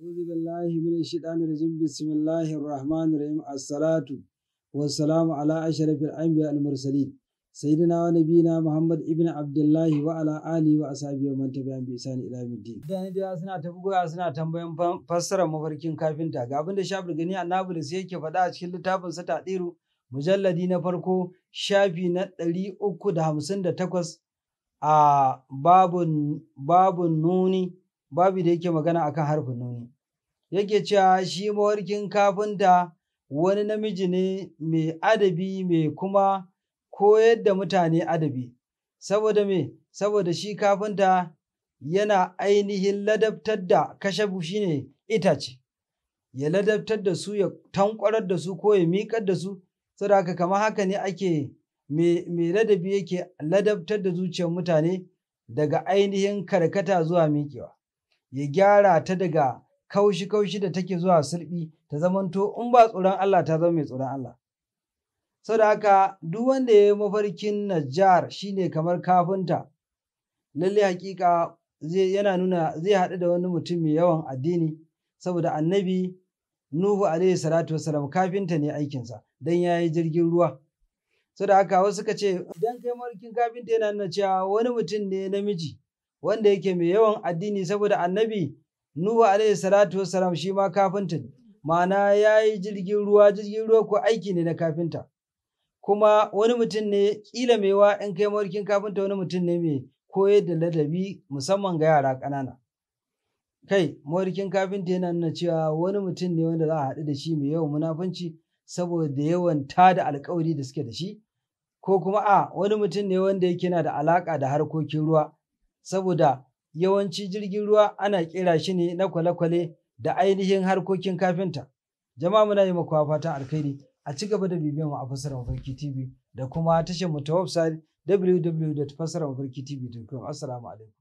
أعوذ بالله من الشيطان الرجيم بسم الله الرحمن الرحيم الصلاة والسلام على أشرف الأنبياء المرسلين سيدنا ونبينا محمد ابن عبد الله وعلى آله وأصحابه ومن تبعهم بإحسان إلى يوم suna ta bugowa suna tambayan fassarar mafarkin kafinta ga abin da Shafir Gani Annabulis yake faɗa a cikin littafin sa Tadiru mujalladi na farko shafi na ɗari uku da hamsin da takwas a babun nuni babu da yake magana akan harfin nuni yake cewa shi mawarkin kafinta wani namiji ne mai adabi mai kuma koyar da mutane adabi saboda me saboda shi kafinta yana ainihin ladabtar da kashabu shine itace ya ladabtar da su ya tankwarar da su ko ya miƙar da su saboda haka kamar haka ne ake mai ladabi yake ladabtar da zuciyar mutane daga ainihin karkata zuwa miƙewa ya gyara ta daga kaushi-kaushi da take zuwa sulbi ta zamanto in ba tsoron Allah ta zama mai tsoron Allah. Sau da haka duk wanda ya yi mafarkin najjar shi ne kamar kafinta, lalle hakika zai yana nuna zai haɗu da wani mutum mai yawan addini saboda annabi Nuhu alaihi salatu wasalam kafinta ne aikinsa don ya yi jirgin ruwa. Sau da haka wasu ka ce idan kai mafarkin kafinta yana nuna cewa wani mutum ne namiji wanda yake mai yawan addini saboda annabi Nuhu alaihi salatu wassalam shi ma kafinta ne ma'ana ya yi jirgin ruwa jirgin ruwa ko aiki ne na kafinta kuma wani mutum ne kila yawa in kai mawarkin kafinta wani mutum ne mai koyar da ladabi musamman ga yara ƙanana kai mawarkin kafinta yana nuna cewa wani mutum ne wanda za a haɗu da shi mai yawan munafunci saboda yawan tada alkawari da suke da shi ko kuma a wani mutum ne wanda yake na da alaƙa da harkokin ruwa saboda yawanci jirgin ruwa ana ƙera shi ne na kwale-kwale da ainihin harkokin kafinta. Jama'a muna yi makuwa fatan alkhairi a ci gaba da bibiyar a fasarar mafarki TV da kuma tashar mu ta website www.fassararmafarkitv.com. Assalamu alaikum.